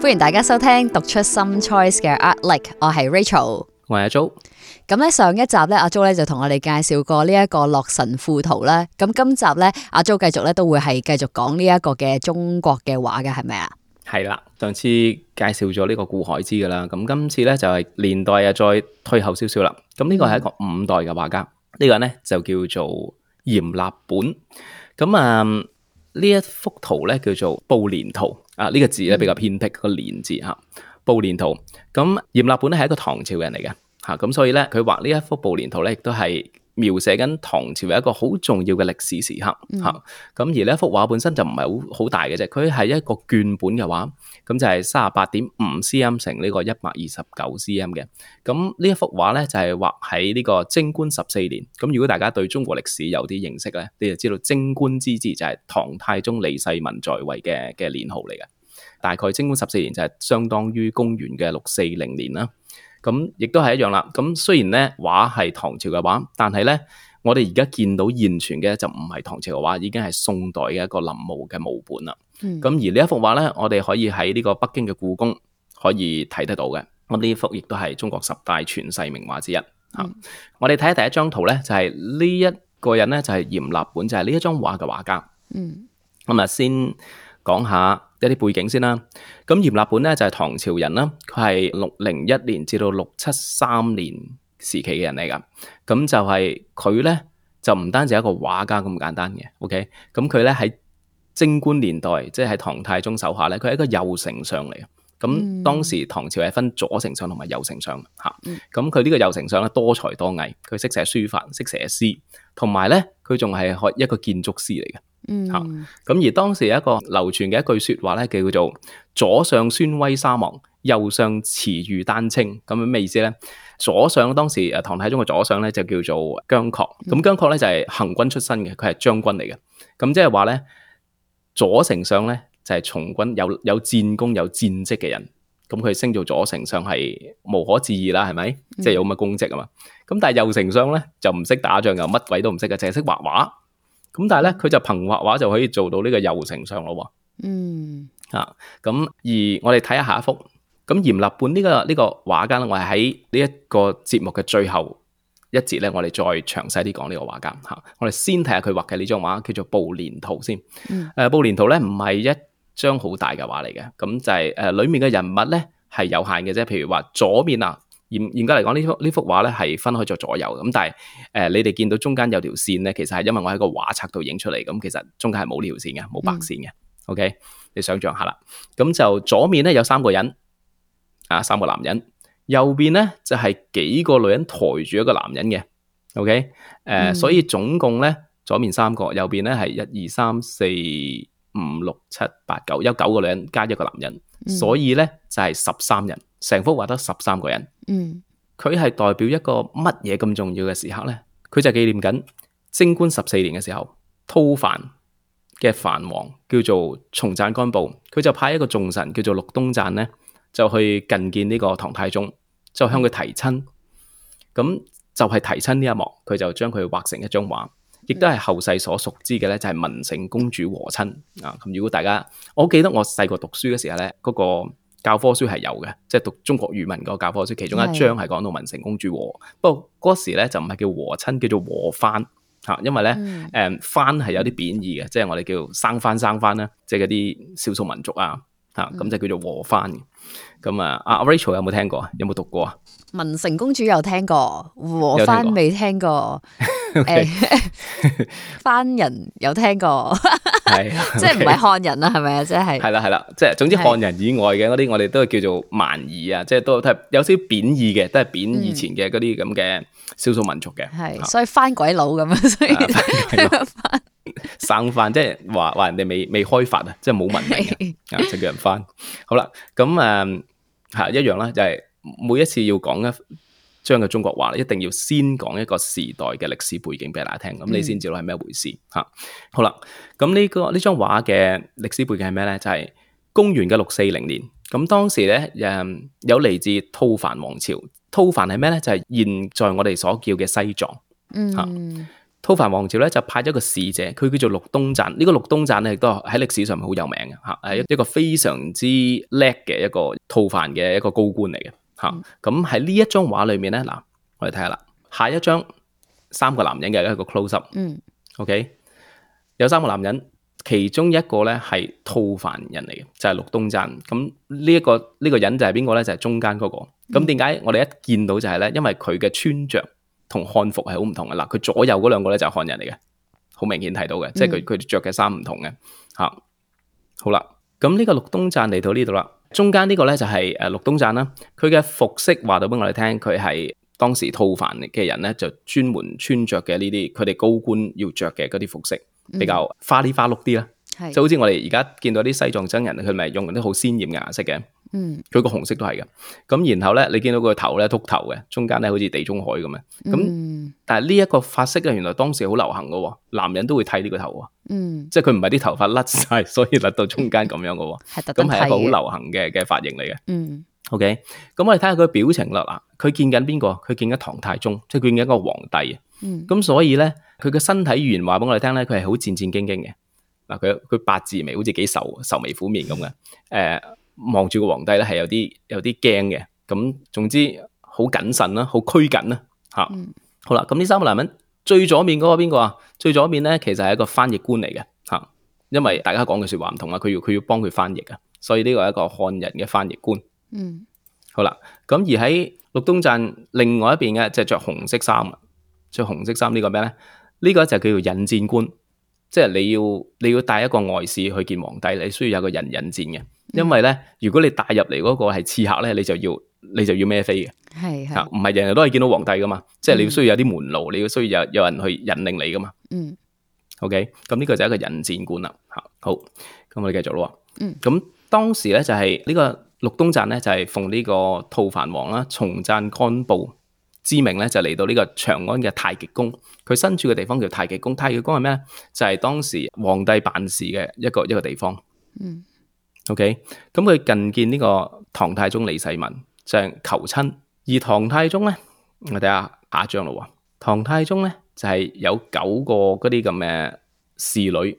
歡迎大家收聽讀出心 choice 嘅 Art Like，我係 Rachel，我係阿 Jo。咁咧上一集咧，阿 Jo 咧就同我哋介紹過呢一個洛神賦圖咧。咁今集咧，阿 Jo 繼續咧都會係繼續講呢一個嘅中國嘅畫嘅係咪啊？係啦，上次介紹咗呢個顧海之噶啦。咁今次咧就係年代又再退後少少啦。咁呢個係一個五代嘅畫家，呢個人咧就叫做閻立本。咁啊呢一幅圖咧叫做步輦圖。啊！呢，這個字咧比較偏僻，那個連字吓，啊，步輦圖，咁閻立本咧係一個唐朝人嚟嘅吓，咁、啊、所以咧佢畫呢一幅步輦圖咧，亦都係，描寫緊唐朝一個好重要嘅歷史時刻吓，咁、嗯、而呢一幅畫本身就唔係好好大嘅啫，佢係一個絹本嘅畫，咁就係三十八點五 cm 乘呢個一百二十九 cm 嘅，咁呢一幅畫咧就係畫喺呢個貞觀十四年，咁如果大家對中國歷史有啲認識咧，你就知道貞觀之治就係唐太宗李世民在位嘅嘅年號嚟嘅，大概貞觀十四年就係相當於公元嘅六四零年啦。咁亦都係一樣啦。咁雖然咧畫係唐朝嘅畫，但係咧我哋而家見到現存嘅就唔係唐朝嘅畫，已經係宋代嘅一個臨摹嘅摹本啦。咁、嗯、而呢一幅畫咧，我哋可以喺呢個北京嘅故宮可以睇得到嘅。咁呢幅亦都係中國十大傳世名畫之一。嚇、嗯，我哋睇下第一張圖咧，就係呢一個人咧，就係、是、閻立本，就係呢一張畫嘅畫家。嗯，咁啊先講下。一啲背景先啦。咁閻立本咧就係唐朝人啦，佢係六零一年至到六七三年時期嘅人嚟㗎。咁就係佢咧就唔單止係一個畫家咁簡單嘅。OK，咁佢咧喺貞觀年代，即係喺唐太宗手下咧，佢係一個右丞相嚟嘅。咁當時唐朝係分左丞相同埋右丞相吓。咁佢呢個右丞相咧多才多藝，佢識寫書法，識寫詩，同埋咧。佢仲係學一個建築師嚟嘅，吓咁、嗯啊、而當時有一個流傳嘅一句說話咧，叫做左上宣威沙漠，右上馳譽丹青，咁咩意思咧？左上當時誒唐太宗嘅左上咧就叫做姜恪，咁姜恪咧就係、是，行軍出身嘅，佢係將軍嚟嘅，咁即係話咧，左丞相咧就係、是，從軍有有戰功有戰績嘅人。咁佢升做左丞相係無可置疑啦，係咪？即係有咁嘅功績啊嘛。咁但係右丞相咧就唔識打仗，又乜鬼都唔識嘅，淨係識畫畫。咁但係咧佢就憑畫畫就可以做到呢個右丞相咯喎。嗯。啊，咁而我哋睇下下一幅。咁閻立本、這個這個、畫呢個呢個畫家咧，我係喺呢一個節目嘅最後一節咧，我哋再詳細啲講呢個畫家吓、啊。我哋先睇下佢畫嘅呢張畫，叫做連、嗯呃《步輦圖》先。嗯。誒，《步輦圖》咧唔係一。張好大嘅畫嚟嘅，咁、嗯、就係、是、誒、呃，裏面嘅人物咧係有限嘅啫。譬如話左面啊，嚴嚴格嚟講呢幅呢幅畫咧係分開咗左右咁、嗯，但係誒、呃、你哋見到中間有條線咧，其實係因為我喺個畫冊度影出嚟，咁、嗯嗯、其實中間係冇呢條線嘅，冇白線嘅。OK，你想象下啦，咁、嗯嗯嗯、就左面咧有三個人，啊三個男人，右邊咧就係、是、幾個女人抬住一個男人嘅。OK，誒、呃、所以總共咧左面三個，右邊咧係一二三四。左邊 五六七八九，有九個女人加一個男人，嗯、所以咧就係十三人，成幅畫得十三個人。嗯，佢係代表一個乜嘢咁重要嘅時刻咧？佢就紀念緊貞觀十四年嘅時候，吐蕃嘅蕃王叫做松贊干布，佢就派一個重臣叫做祿東贊咧，就去覲見呢個唐太宗，就向佢提親。咁就係提親呢一幕，佢就將佢畫成一張畫。亦都係後世所熟知嘅咧，就係文成公主和親啊！咁如果大家，我記得我細個讀書嘅時候咧，嗰、嗰個教科書係有嘅，即、就、係、是、讀中國語文個教科書，其中一章係講到文成公主和。的不過嗰時咧就唔係叫和親，叫做和番嚇、啊，因為咧誒、嗯、番係有啲貶義嘅，即係我哋叫生番、生番啦，即係嗰啲少數民族啊嚇，咁、啊、就叫做和番嘅。咁啊，阿、嗯啊、Rachel 有冇聽過？有冇讀過啊？文成公主有聽過，和番未聽過。 誒，番人有聽過，係即係唔係漢人啊？係咪啊？即係係啦係啦，即係總之漢人以外嘅嗰啲，我哋都係叫做蠻夷啊，即係都係有少少貶義嘅，都係貶以前嘅嗰啲咁嘅少數民族嘅，係所以翻鬼佬咁樣，所以生番即係話話人哋未未開發啊，即係冇文明啊，就叫人翻。好啦，咁誒係一樣啦，就係每一次要講一將嘅中國畫咧，一定要先講一個時代嘅歷史背景俾大家聽，咁你先知道係咩回事吓。嗯、好啦，咁呢、這個呢張畫嘅歷史背景係咩咧？就係、是、公元嘅六四零年。咁當時咧，誒、嗯、有嚟自吐蕃王朝。吐蕃係咩咧？就係、是、現在我哋所叫嘅西藏。嗯。吐蕃、啊、王朝咧就派咗個使者，佢叫做祿東贊。這個、陸東呢個祿東贊咧亦都喺歷史上好有名嘅吓，係、啊、一個非常之叻嘅一個吐蕃嘅一個高官嚟嘅。吓，咁喺呢一張畫裏面咧，嗱、嗯，我哋睇下啦。下一張三個男人嘅一個 closeup，嗯，OK，有三個男人，其中一個咧係吐蕃人嚟嘅，就係祿東贊。咁呢一個呢個人就係邊個咧？就係中間嗰、那個。咁點解我哋一見到就係咧？因為佢嘅穿着同漢服係好唔同嘅。嗱、嗯，佢左右嗰兩個咧就係漢人嚟嘅，好明顯睇到嘅，即係佢佢著嘅衫唔同嘅。嚇，好啦，咁呢個祿東贊嚟到呢度啦。中間呢個呢，就係誒，祿東贊啦，佢嘅服飾話到俾我哋聽，佢係當時吐蕃嘅人咧，就專門穿着嘅呢啲，佢哋高官要着嘅嗰啲服飾，比較花哩花碌啲啦，嗯、就好似我哋而家見到啲西藏僧人，佢咪用啲好鮮艷嘅顏色嘅。嗯，佢個紅色都係嘅，咁然後咧，你見到佢個頭咧禿頭嘅，中間咧好似地中海咁樣。咁、嗯、但係呢一個髮色咧，原來當時好流行嘅，男人都會剃呢個頭啊。嗯，即係佢唔係啲頭髮甩晒，嗯、所以甩到中間咁樣嘅。係咁係一個好流行嘅嘅髮型嚟嘅。嗯，OK，咁、嗯嗯嗯、我哋睇下佢表情啦。嗱，佢見緊邊個？佢見緊唐太宗，即係佢見緊一個皇帝啊。咁、嗯嗯、所以咧，佢嘅身體語言話俾我哋聽咧，佢係好戰戰兢兢嘅。嗱，佢佢八字眉，好似幾愁愁眉苦面咁嘅。誒、呃。 望住個皇帝咧，係有啲有啲驚嘅，咁總之謹謹、嗯、好謹慎啦，好拘謹啦，吓。好啦，咁呢三個男人，最左面嗰個邊個啊？最左面咧，其實係一個翻譯官嚟嘅，吓。因為大家講嘅說話唔同啊，佢要佢要幫佢翻譯啊，所以呢個係一個漢人嘅翻譯官。嗯，好啦，咁而喺祿東贊另外一邊嘅，就着、是、紅色衫，着紅色衫呢個咩咧？呢、這個就叫引薦官，即、就、係、是、你要你要帶一個外事去見皇帝，你需要有個人引薦嘅。因為咧，如果你帶入嚟嗰個係刺客咧，你就要你就要孭飛嘅，係係是，唔係人人都可以見到皇帝噶嘛，嗯、即係你要需要有啲門路，你要需要有有人去引領你噶嘛。嗯，OK，咁呢個就係一個引事官啦。吓，好，咁我哋繼續咯。嗯，咁當時咧就係、是、呢個祿東贊咧就係、是、奉呢個吐蕃王啦，松贊干布之命咧就嚟到呢個長安嘅太極宮。佢身處嘅地方叫太極宮，太極宮係咩咧？就係、是、當時皇帝辦事嘅一個一個地方。嗯。OK，咁佢覲見呢個唐太宗李世民，就係、是、求親。而唐太宗咧，我睇下下一張咯。唐太宗咧就係、是、有九個嗰啲咁嘅侍女，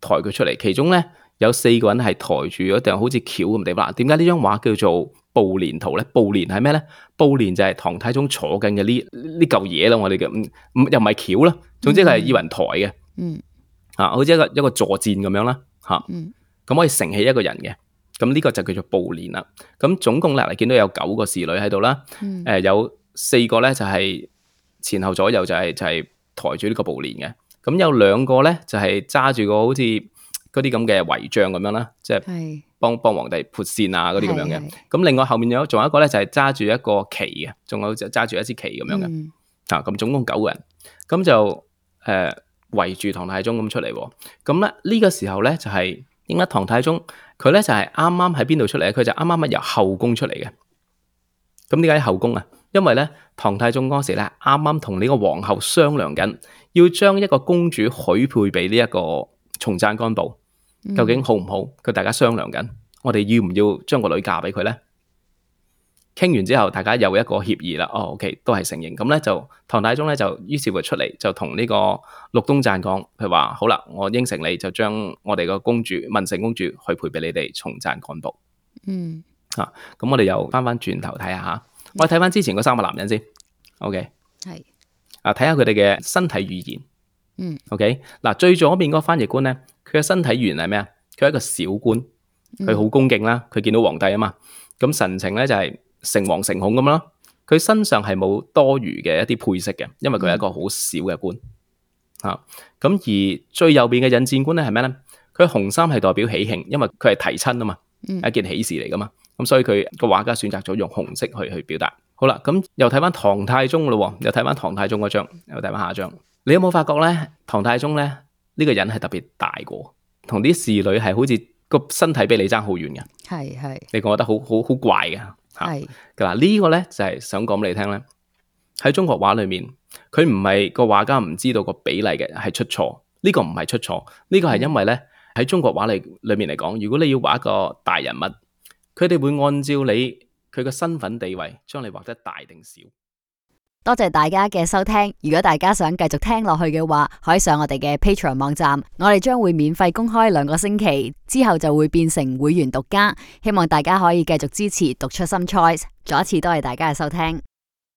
抬佢出嚟。其中咧有四個人係抬住一定好似轎咁地。嗱，點解呢張畫叫做步輦圖咧？步輦係咩咧？步輦就係唐太宗坐緊嘅呢呢嚿嘢咯。我哋嘅又唔係轎啦，總之係二人抬嘅，嗯，啊、好似一個一個坐墊咁樣啦，吓、啊。咁可以承起一個人嘅，咁、這、呢個就叫做步輦啦。咁總共落嚟見到有九個侍女喺度啦，誒、嗯呃、有四個咧就係前後左右就係、是、就係、是、抬住呢個步輦嘅，咁、嗯、有兩個咧就係揸住個好似嗰啲咁嘅圍帳咁樣啦，即係幫幫皇帝撥扇啊嗰啲咁樣嘅。咁另外後面有仲有一個咧就係揸住一個旗嘅，仲有就揸住一支旗咁樣嘅。嗯、啊，咁總共九個人，咁就誒、呃、圍住唐太宗咁出嚟喎。咁咧呢個時候咧就係、是。點解唐太宗佢咧就係啱啱喺邊度出嚟咧？佢就啱啱由後宮出嚟嘅。咁點解喺後宮啊？因為咧唐太宗嗰時咧啱啱同呢個皇后商量緊，要將一個公主許配俾呢一個松贊干布，究竟好唔好？佢大家商量緊，我哋要唔要將個女嫁俾佢咧？傾完之後，大家有一個協議啦。哦，OK，都係承認。咁咧就唐太宗咧就於是乎出嚟，就同呢個祿東贊講，佢話好啦，我應承你就將我哋個公主，文成公主去配俾你哋松贊干布。」嗯，吓咁、啊、我哋又翻翻轉頭睇下，我睇翻之前嗰三個男人先。OK，係啊，睇下佢哋嘅身體語言。嗯，OK，嗱、啊、最左面嗰個翻譯官咧，佢嘅身體語言係咩啊？佢係一個小官，佢好恭敬啦，佢見到皇帝啊嘛，咁神情咧就係、是。誠惶誠恐咁啦，佢身上係冇多餘嘅一啲配飾嘅，因為佢係一個好少嘅官。吓、啊、咁而最右邊嘅引薦官咧係咩咧？佢紅衫係代表喜慶，因為佢係提親啊嘛，一件喜事嚟噶嘛。咁、啊、所以佢個畫家選擇咗用紅色去去表達。好啦，咁、嗯嗯嗯、又睇翻唐太宗咯，又睇翻唐太宗嗰張，又睇翻下一張。你有冇發覺咧？唐太宗咧呢、這個人係特別大個，同啲侍女係好似個身體比你爭好遠嘅，係係的，你覺得好好好怪嘅。係，嗱是呢個咧就係、是、想講俾你聽咧。喺中國畫裏面，佢唔係個畫家唔知道個比例嘅，係出錯。呢、這個唔係出錯，呢、這個係因為咧喺中國畫嚟裏面嚟講，如果你要畫一個大人物，佢哋會按照你佢嘅身份地位，將你畫得大定小。多謝大家嘅收聽，如果大家想繼續聽落去嘅話，可以上我哋嘅 Patreon 網站，我哋將會免費公開兩個星期，之後就會變成會員獨家。希望大家可以繼續支持讀出 Some Choice，再一次多謝大家嘅收聽。